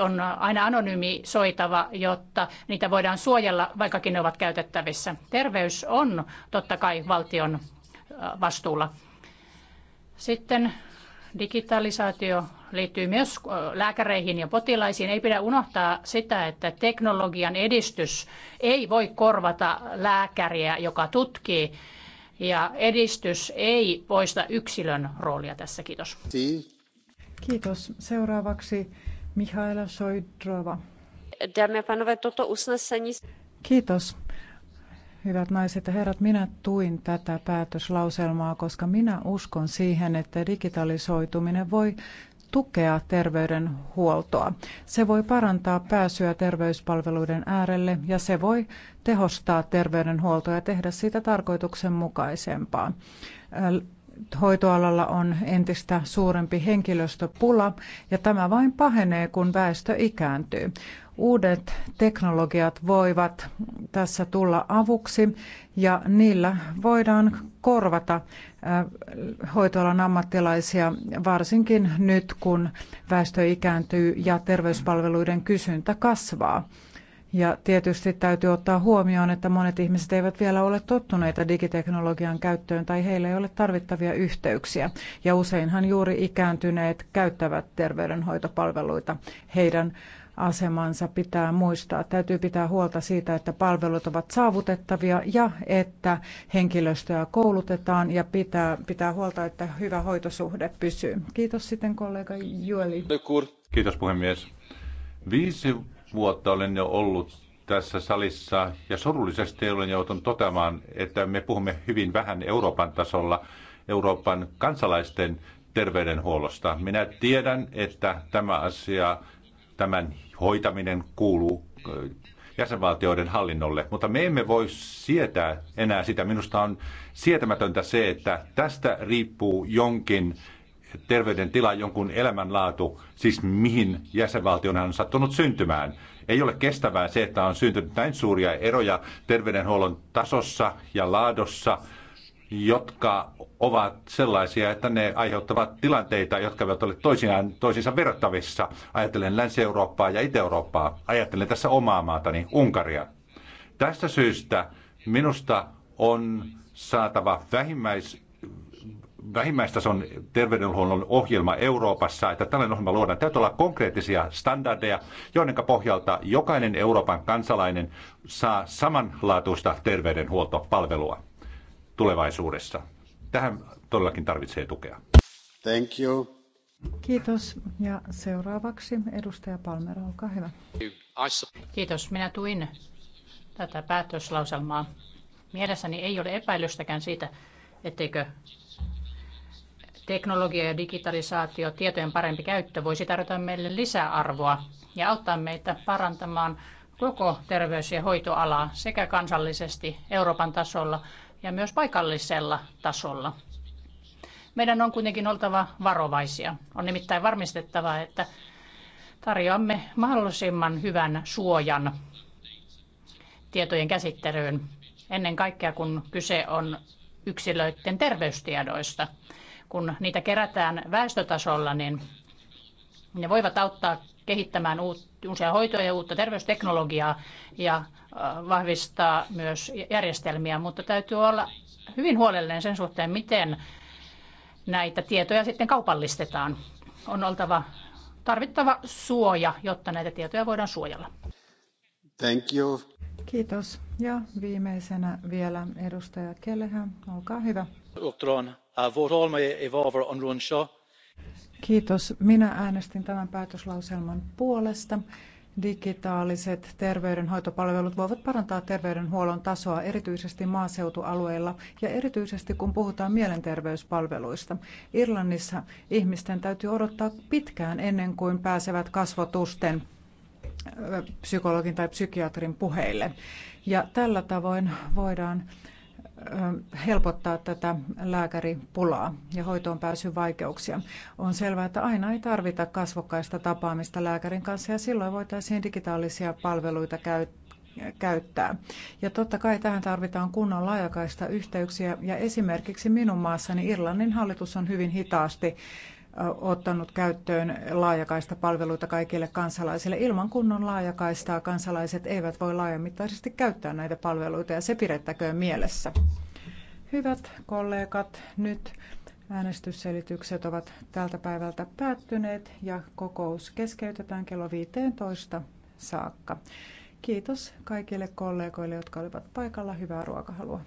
on aina anonymisoitava, jotta niitä voidaan suojella, vaikkakin ne ovat käytettävissä. Terveys on totta kai valtion vastuulla. Sitten digitalisaatio liittyy myös lääkäreihin ja potilaisiin. Ei pidä unohtaa sitä, että teknologian edistys ei voi korvata lääkäriä, joka tutkii. Ja edistys ei poista yksilön roolia tässä. Kiitos. Kiitos. Seuraavaksi Mihaela Soidrova. Dámy a toto usnesení... Kiitos. Hyvät naiset ja herrat, minä tuin tätä päätöslauselmaa, koska minä uskon siihen, että digitalisoituminen voi tukea terveydenhuoltoa. Se voi parantaa pääsyä terveyspalveluiden äärelle ja se voi tehostaa terveydenhuoltoa ja tehdä siitä tarkoituksenmukaisempaa hoitoalalla on entistä suurempi henkilöstöpula ja tämä vain pahenee, kun väestö ikääntyy. Uudet teknologiat voivat tässä tulla avuksi ja niillä voidaan korvata äh, hoitoalan ammattilaisia, varsinkin nyt kun väestö ikääntyy ja terveyspalveluiden kysyntä kasvaa. Ja tietysti täytyy ottaa huomioon, että monet ihmiset eivät vielä ole tottuneita digiteknologian käyttöön tai heillä ei ole tarvittavia yhteyksiä. Ja useinhan juuri ikääntyneet käyttävät terveydenhoitopalveluita. Heidän asemansa pitää muistaa. Täytyy pitää huolta siitä, että palvelut ovat saavutettavia ja että henkilöstöä koulutetaan ja pitää, pitää huolta, että hyvä hoitosuhde pysyy. Kiitos sitten kollega Jueli. Kiitos puhemies. Viisi vuotta olen jo ollut tässä salissa ja surullisesti olen joutunut toteamaan, että me puhumme hyvin vähän Euroopan tasolla Euroopan kansalaisten terveydenhuollosta. Minä tiedän, että tämä asia, tämän hoitaminen kuuluu äh, jäsenvaltioiden hallinnolle, mutta me emme voi sietää enää sitä. Minusta on sietämätöntä se, että tästä riippuu jonkin terveydentila, jonkun elämänlaatu, siis mihin jäsenvaltion on sattunut syntymään. Ei ole kestävää se, että on syntynyt näin suuria eroja terveydenhuollon tasossa ja laadossa, jotka ovat sellaisia, että ne aiheuttavat tilanteita, jotka eivät ole toisiaan, toisiinsa verrattavissa. Ajattelen Länsi-Eurooppaa ja Itä-Eurooppaa. Ajattelen tässä omaa maatani, Unkaria. Tästä syystä minusta on saatava vähimmäis vähimmäistason terveydenhuollon ohjelma Euroopassa, että tällainen ohjelma luodaan. Täytyy olla konkreettisia standardeja, joiden pohjalta jokainen Euroopan kansalainen saa samanlaatuista terveydenhuoltopalvelua tulevaisuudessa. Tähän todellakin tarvitsee tukea. Thank you. Kiitos. Ja seuraavaksi edustaja Palmer, olkaa hyvä. Kiitos. Minä tuin tätä päätöslauselmaa. Mielessäni ei ole epäilystäkään siitä, etteikö Teknologia ja digitalisaatio, tietojen parempi käyttö voisi tarjota meille lisäarvoa ja auttaa meitä parantamaan koko terveys- ja hoitoalaa sekä kansallisesti Euroopan tasolla ja myös paikallisella tasolla. Meidän on kuitenkin oltava varovaisia. On nimittäin varmistettava, että tarjoamme mahdollisimman hyvän suojan tietojen käsittelyyn, ennen kaikkea kun kyse on yksilöiden terveystiedoista kun niitä kerätään väestötasolla, niin ne voivat auttaa kehittämään uusia hoitoja ja uutta terveysteknologiaa ja äh, vahvistaa myös järjestelmiä, mutta täytyy olla hyvin huolellinen sen suhteen, miten näitä tietoja sitten kaupallistetaan. On oltava tarvittava suoja, jotta näitä tietoja voidaan suojella. Thank you. Kiitos. Ja viimeisenä vielä edustaja Kelehä, olkaa hyvä. Uppdrag Kiitos. Minä äänestin tämän päätöslauselman puolesta. Digitaaliset terveydenhoitopalvelut voivat parantaa terveydenhuollon tasoa erityisesti maaseutualueilla ja erityisesti kun puhutaan mielenterveyspalveluista. Irlannissa ihmisten täytyy odottaa pitkään ennen kuin pääsevät kasvotusten psykologin tai psykiatrin puheille. Ja tällä tavoin voidaan helpottaa tätä lääkäripulaa ja hoitoon pääsyn vaikeuksia. On selvää, että aina ei tarvita kasvokkaista tapaamista lääkärin kanssa ja silloin voitaisiin digitaalisia palveluita käyttää käyttää. Ja totta kai tähän tarvitaan kunnon laajakaista yhteyksiä ja esimerkiksi minun maassani Irlannin hallitus on hyvin hitaasti ottanut käyttöön laajakaista palveluita kaikille kansalaisille. Ilman kunnon laajakaistaa kansalaiset eivät voi laajamittaisesti käyttää näitä palveluita ja se pidettäköön mielessä. Hyvät kollegat, nyt äänestysselitykset ovat tältä päivältä päättyneet ja kokous keskeytetään kello 15 saakka. Kiitos kaikille kollegoille, jotka olivat paikalla. Hyvää ruokahalua.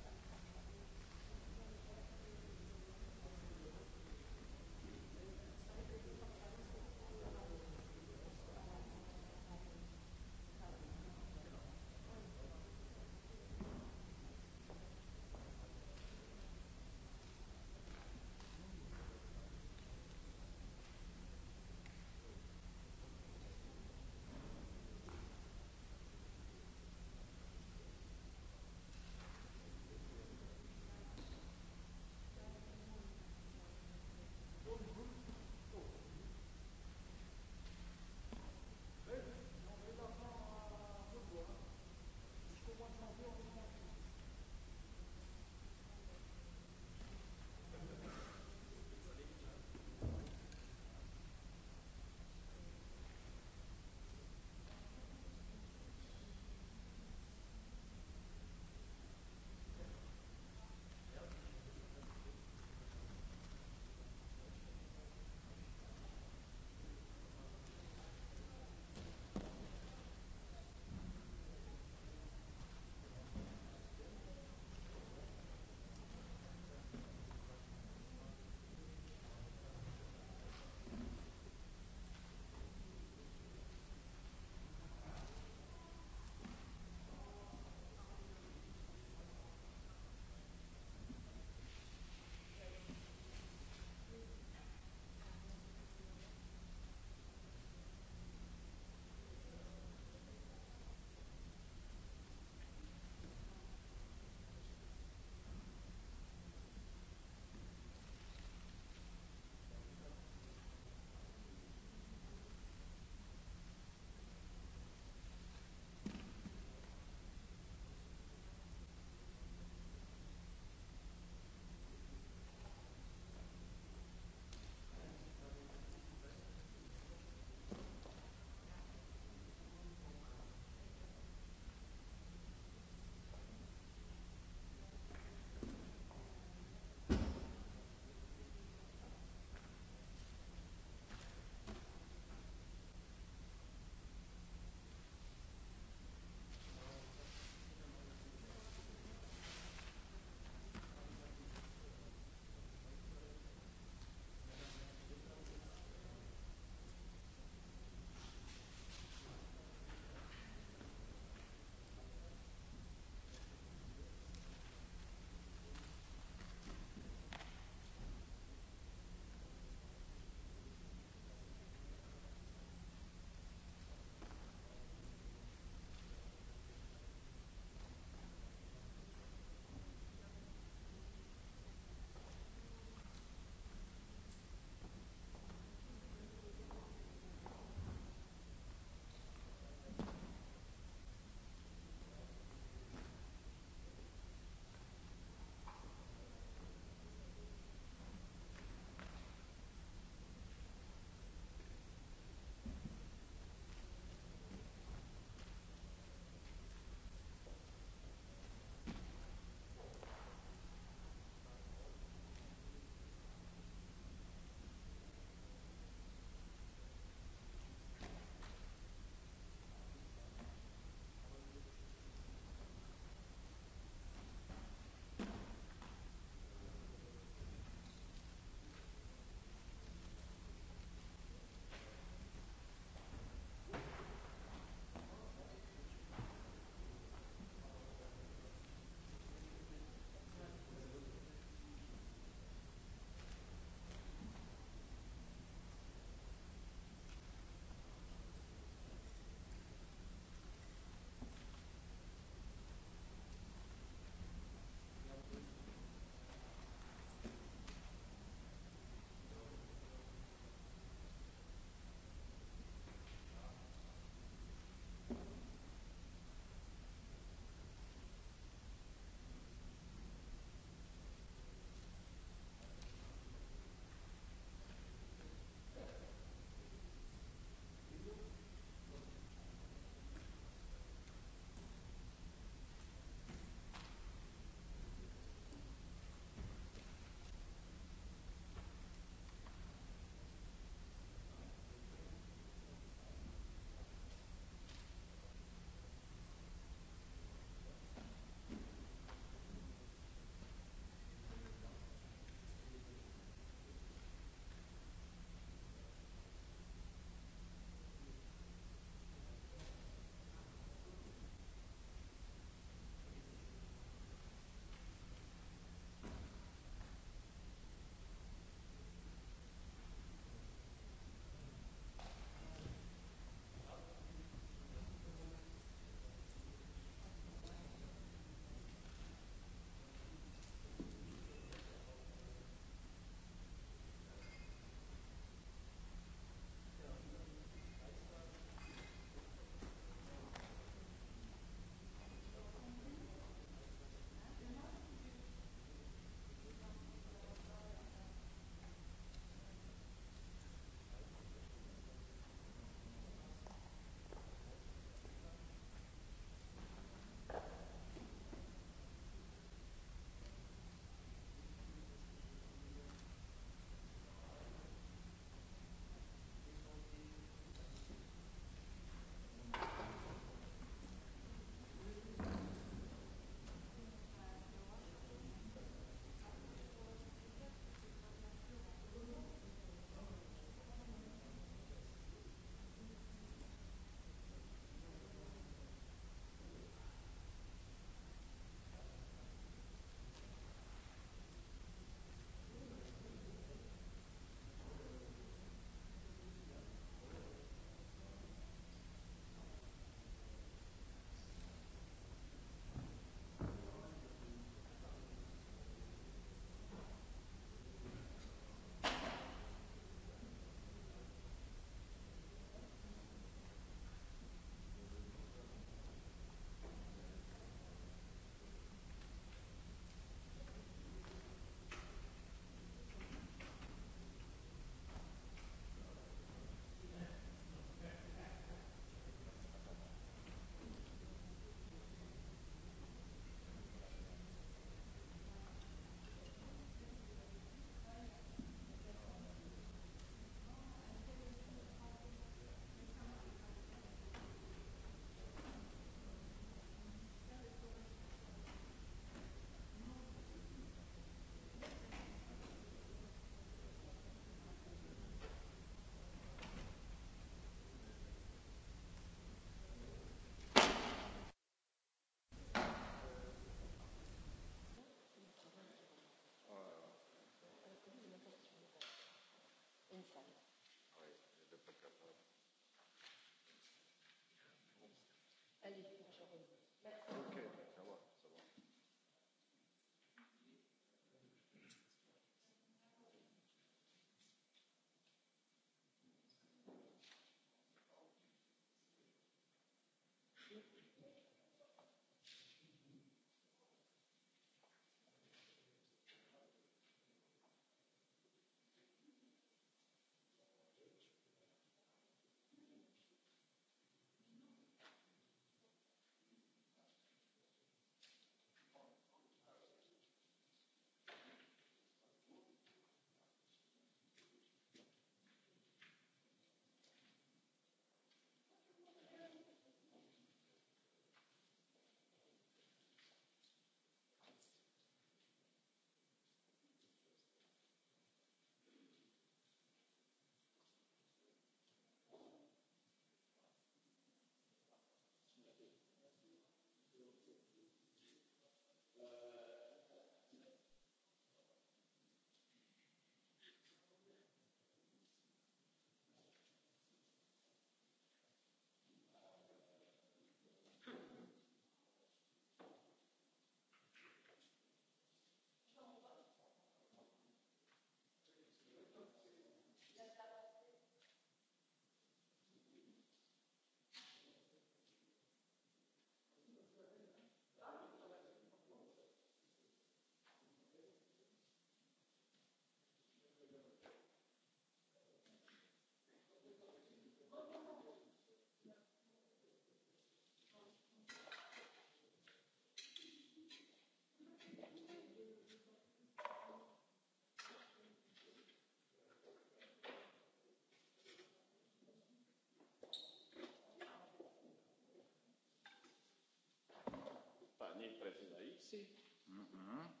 mm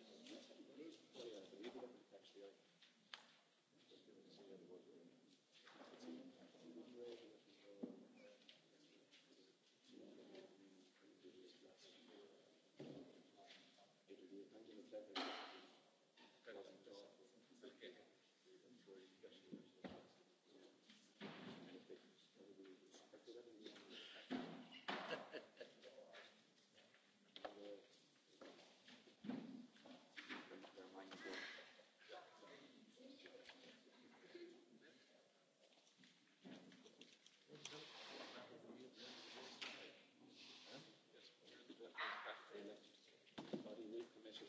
Sätä.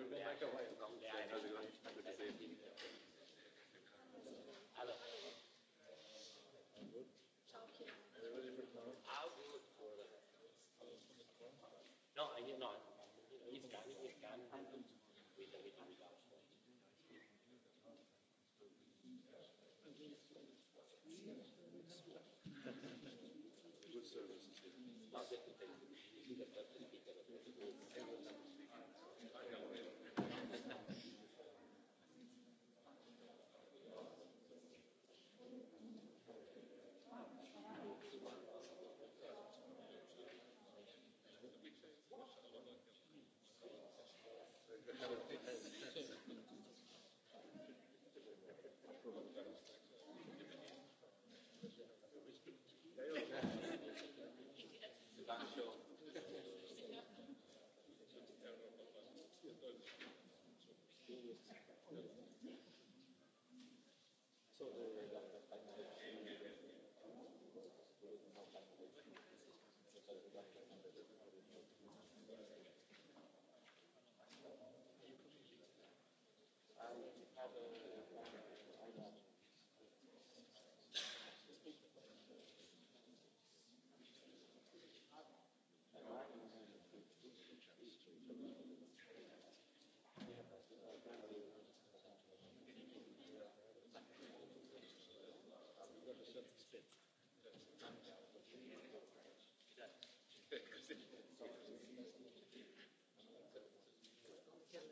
No, Good service. Not that the thing. You can get that. Yeah,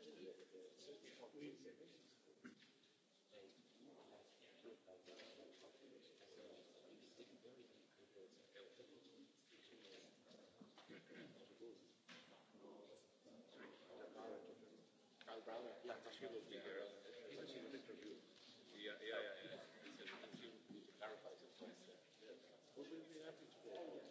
yeah, yeah. yeah. Thank you.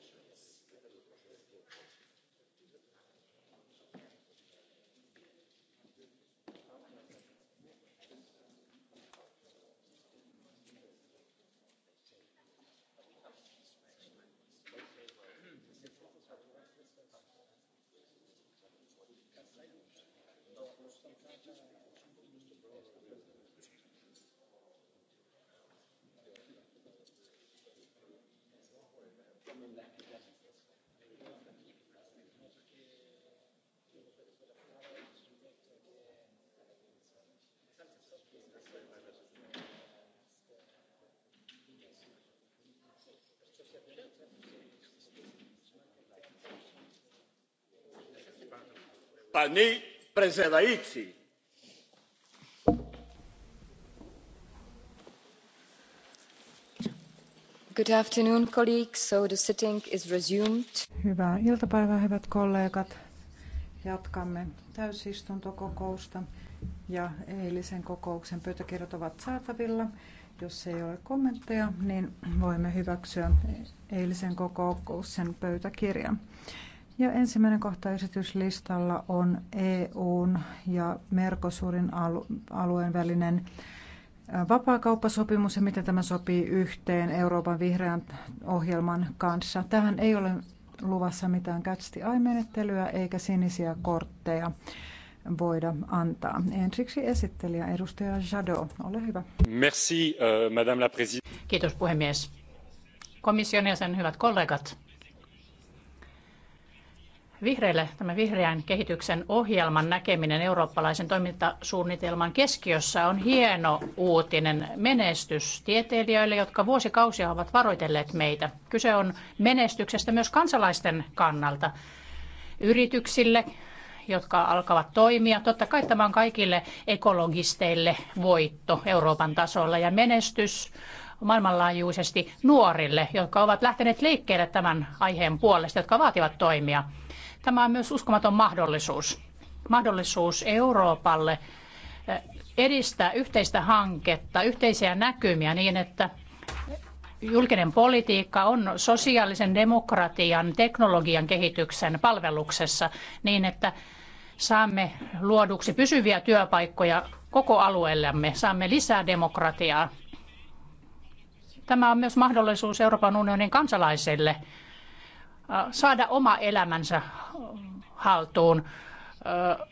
pani hyvää iltapäivää hyvät kollegat jatkamme täysistuntokokousta ja eilisen kokouksen pöytäkirjat ovat saatavilla. Jos ei ole kommentteja, niin voimme hyväksyä eilisen kokouksen pöytäkirjan. Ja ensimmäinen kohta esityslistalla on EUn ja Mercosurin alueen välinen vapaakauppasopimus ja miten tämä sopii yhteen Euroopan vihreän ohjelman kanssa. Tähän ei ole luvassa mitään catch menettelyä eikä sinisiä kortteja voida antaa. Ensiksi esittelijä edustaja Jadot, ole hyvä. Merci, madame la Kiitos puhemies. Komission jäsen, hyvät kollegat. Vihreille tämä vihreän kehityksen ohjelman näkeminen eurooppalaisen toimintasuunnitelman keskiössä on hieno uutinen menestys tieteilijöille, jotka vuosikausia ovat varoitelleet meitä. Kyse on menestyksestä myös kansalaisten kannalta yrityksille, jotka alkavat toimia. Totta kai tämä on kaikille ekologisteille voitto Euroopan tasolla ja menestys maailmanlaajuisesti nuorille, jotka ovat lähteneet liikkeelle tämän aiheen puolesta, jotka vaativat toimia. Tämä on myös uskomaton mahdollisuus. Mahdollisuus Euroopalle eh, edistää yhteistä hanketta, yhteisiä näkymiä niin, että julkinen politiikka on sosiaalisen demokratian, teknologian kehityksen palveluksessa niin, että saamme luoduksi pysyviä työpaikkoja koko alueellemme, saamme lisää demokratiaa. Tämä on myös mahdollisuus Euroopan unionin kansalaisille äh, saada oma elämänsä äh, haltuun. Äh,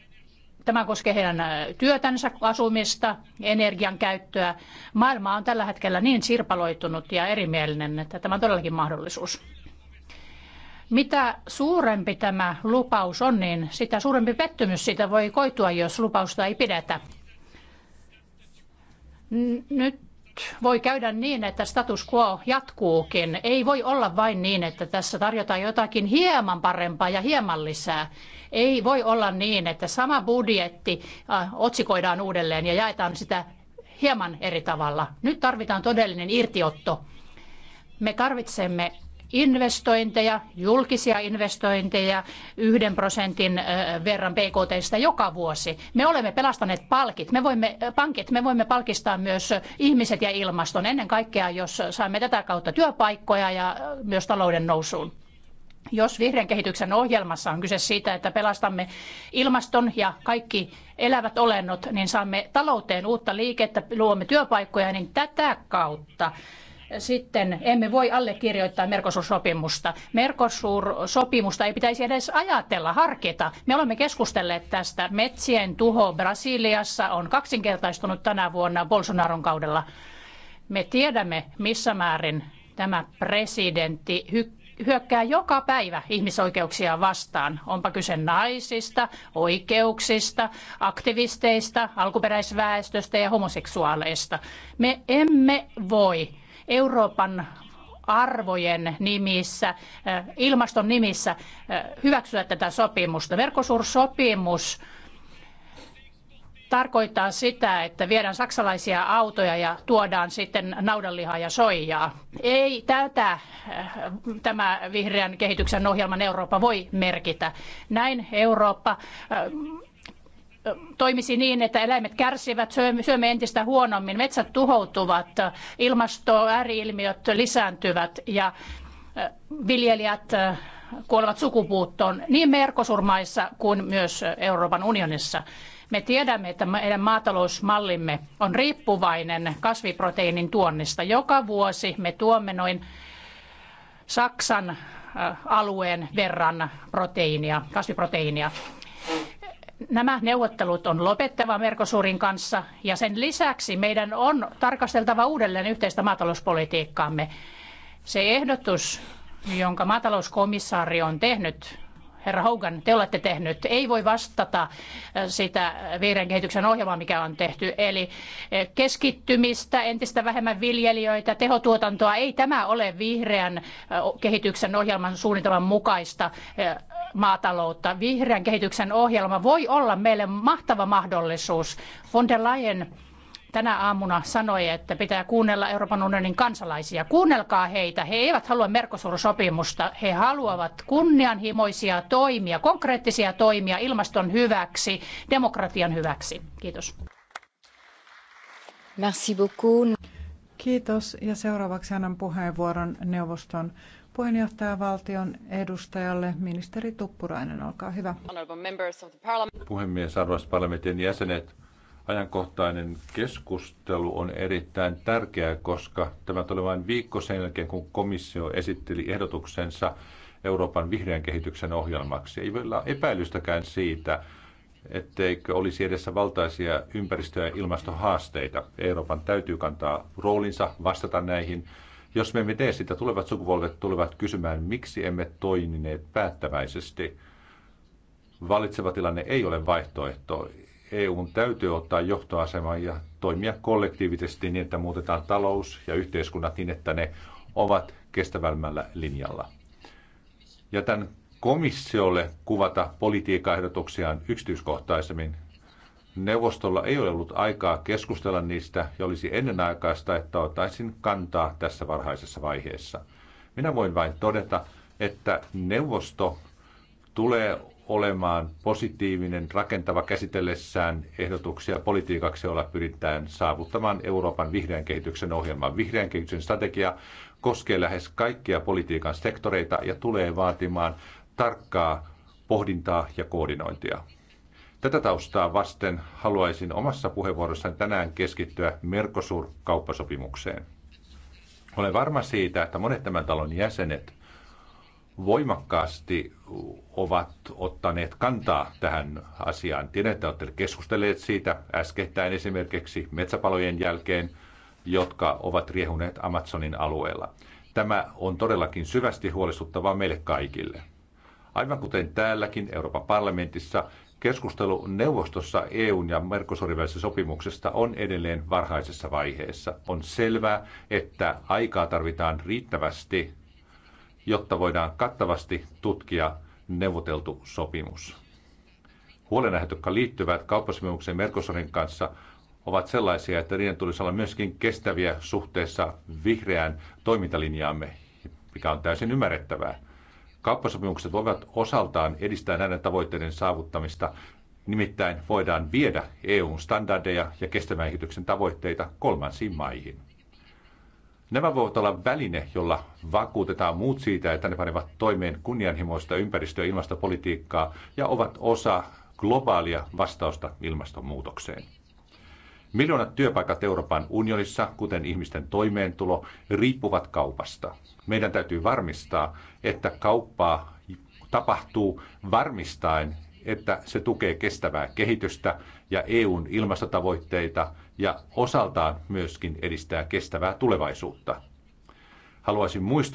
tämä koskee heidän työtänsä, asumista, energian käyttöä. Maailma on tällä hetkellä niin sirpaloitunut ja erimielinen, että tämä on todellakin mahdollisuus. Mitä suurempi tämä lupaus on, niin sitä suurempi pettymys siitä voi koitua, jos lupausta ei pidetä. Nyt voi käydä niin, että status quo jatkuukin. Ei voi olla vain niin, että tässä tarjotaan jotakin hieman parempaa ja hieman lisää. Ei voi olla niin, että sama budjetti äh, otsikoidaan uudelleen ja jaetaan sitä hieman eri tavalla. Nyt tarvitaan todellinen irtiotto. Me tarvitsemme investointeja, julkisia investointeja yhden prosentin verran BKTstä joka vuosi. Me olemme pelastaneet palkit, me voimme, pankit, me voimme palkistaa myös ihmiset ja ilmaston ennen kaikkea, jos saamme tätä kautta työpaikkoja ja myös talouden nousuun. Jos vihreän kehityksen ohjelmassa on kyse siitä, että pelastamme ilmaston ja kaikki elävät olennot, niin saamme talouteen uutta liikettä, luomme työpaikkoja, niin tätä kautta sitten emme voi allekirjoittaa Mercosur-sopimusta. Mercosur-sopimusta ei pitäisi edes ajatella, harkita. Me olemme keskustelleet tästä. Metsien tuho Brasiliassa on kaksinkertaistunut tänä vuonna Bolsonaron kaudella. Me tiedämme, missä määrin tämä presidentti hyökkää joka päivä ihmisoikeuksia vastaan. Onpa kyse naisista, oikeuksista, aktivisteista, alkuperäisväestöstä ja homoseksuaaleista. Me emme voi Euroopan arvojen nimissä, eh, ilmaston nimissä eh, hyväksyä tätä sopimusta. Mercosur-sopimus tarkoittaa sitä, että viedään saksalaisia autoja ja tuodaan sitten naudanlihaa ja soijaa. Ei tätä eh, tämä vihreän kehityksen ohjelman Eurooppa voi merkitä. Näin Eurooppa toimisi niin, että eläimet kärsivät, syömme entistä huonommin, metsät tuhoutuvat, ilmasto, ääriilmiöt lisääntyvät ja viljelijät kuolevat sukupuuttoon niin Merkosurmaissa kuin myös Euroopan unionissa. Me tiedämme, että meidän maatalousmallimme on riippuvainen kasviproteiinin tuonnista. Joka vuosi me tuomme noin Saksan alueen verran proteiinia, kasviproteiinia. Nämä neuvottelut on lopettava Mercosurin kanssa ja sen lisäksi meidän on tarkasteltava uudelleen yhteistä maatalouspolitiikkaamme. Se ehdotus, jonka maatalouskomissaari on tehnyt herra Hogan, te olette tehnyt, ei voi vastata äh, sitä vihreän kehityksen ohjelmaa, mikä on tehty. Eli äh, keskittymistä, entistä vähemmän viljelijöitä, tehotuotantoa, ei tämä ole vihreän äh, kehityksen ohjelman suunnitelman mukaista maataloutta. Vihreän kehityksen ohjelma voi olla meille mahtava mahdollisuus. Von der Leyen tänä aamuna sanoi, että pitää kuunnella Euroopan unionin kansalaisia. Kuunnelkaa heitä. He eivät halua Mercosur-sopimusta. He haluavat kunnianhimoisia toimia, konkreettisia toimia ilmaston hyväksi, demokratian hyväksi. Kiitos. Merci beaucoup. Kiitos. Ja seuraavaksi annan puheenvuoron neuvoston puheenjohtajavaltion edustajalle ministeri Tuppurainen. Olkaa hyvä. Puhemies, arvoisat parlamentin jäsenet, ajankohtainen keskustelu on erittäin tärkeää, koska tämä tuli vain viikko sen jälkeen, kun komissio esitteli ehdotuksensa Euroopan vihreän kehityksen ohjelmaksi. Ei ole epäilystäkään siitä, etteikö olisi edessä valtaisia ympäristö- ja ilmastohaasteita. Euroopan täytyy kantaa roolinsa, vastata näihin. Jos me emme tee sitä, tulevat sukupolvet tulevat kysymään, miksi emme toimineet päättäväisesti. Valitseva tilanne ei ole vaihtoehto. EUn täytyy ottaa johtoasema ja toimia kollektiivisesti niin, että muutetaan talous ja yhteiskunnat niin, että ne ovat kestävämmällä linjalla. Ja tämän komissiolle kuvata politiikkaehdotuksiaan yksityiskohtaisemmin. Neuvostolla ei ole ollut aikaa keskustella niistä ja olisi ennenaikaista, että ottaisin kantaa tässä varhaisessa vaiheessa. Minä voin vain todeta, että neuvosto tulee olemaan positiivinen, rakentava käsitellessään ehdotuksia politiikaksi, jolla pyritään saavuttamaan Euroopan vihreän kehityksen ohjelma. Vihreän kehityksen strategia koskee lähes kaikkia politiikan sektoreita ja tulee vaatimaan tarkkaa pohdintaa ja koordinointia. Tätä taustaa vasten haluaisin omassa puheenvuorossani tänään keskittyä Mercosur-kauppasopimukseen. Olen varma siitä, että monet tämän talon jäsenet voimakkaasti ovat ottaneet kantaa tähän asiaan. Tiedän, että olette keskustelleet siitä äskettäin esimerkiksi metsäpalojen jälkeen, jotka ovat riehuneet Amazonin alueella. Tämä on todellakin syvästi huolestuttavaa meille kaikille. Aivan kuten täälläkin Euroopan parlamentissa, keskustelu neuvostossa EUn ja Mercosurin välisestä sopimuksesta on edelleen varhaisessa vaiheessa. On selvää, että aikaa tarvitaan riittävästi jotta voidaan kattavasti tutkia neuvoteltu sopimus. Huolenaiheet, jotka liittyvät kauppasopimukseen Mercosurin kanssa, ovat sellaisia, että niiden tulisi olla myöskin kestäviä suhteessa vihreään toimintalinjaamme, mikä on täysin ymmärrettävää. Kauppasopimukset voivat osaltaan edistää näiden tavoitteiden saavuttamista, nimittäin voidaan viedä EUn standardeja ja kestävän kehityksen tavoitteita kolmansiin maihin. Nämä voivat olla väline, jolla vakuutetaan muut siitä, että ne panevat toimeen kunnianhimoista ympäristö- ja ilmastopolitiikkaa ja ovat osa globaalia vastausta ilmastonmuutokseen. Miljoonat työpaikat Euroopan unionissa, kuten ihmisten toimeentulo, riippuvat kaupasta. Meidän täytyy varmistaa, että kauppaa tapahtuu varmistaen, että se tukee kestävää kehitystä ja EUn ilmastotavoitteita – ja osaltaan myöskin edistää kestävää tulevaisuutta. Haluaisin muistuttaa,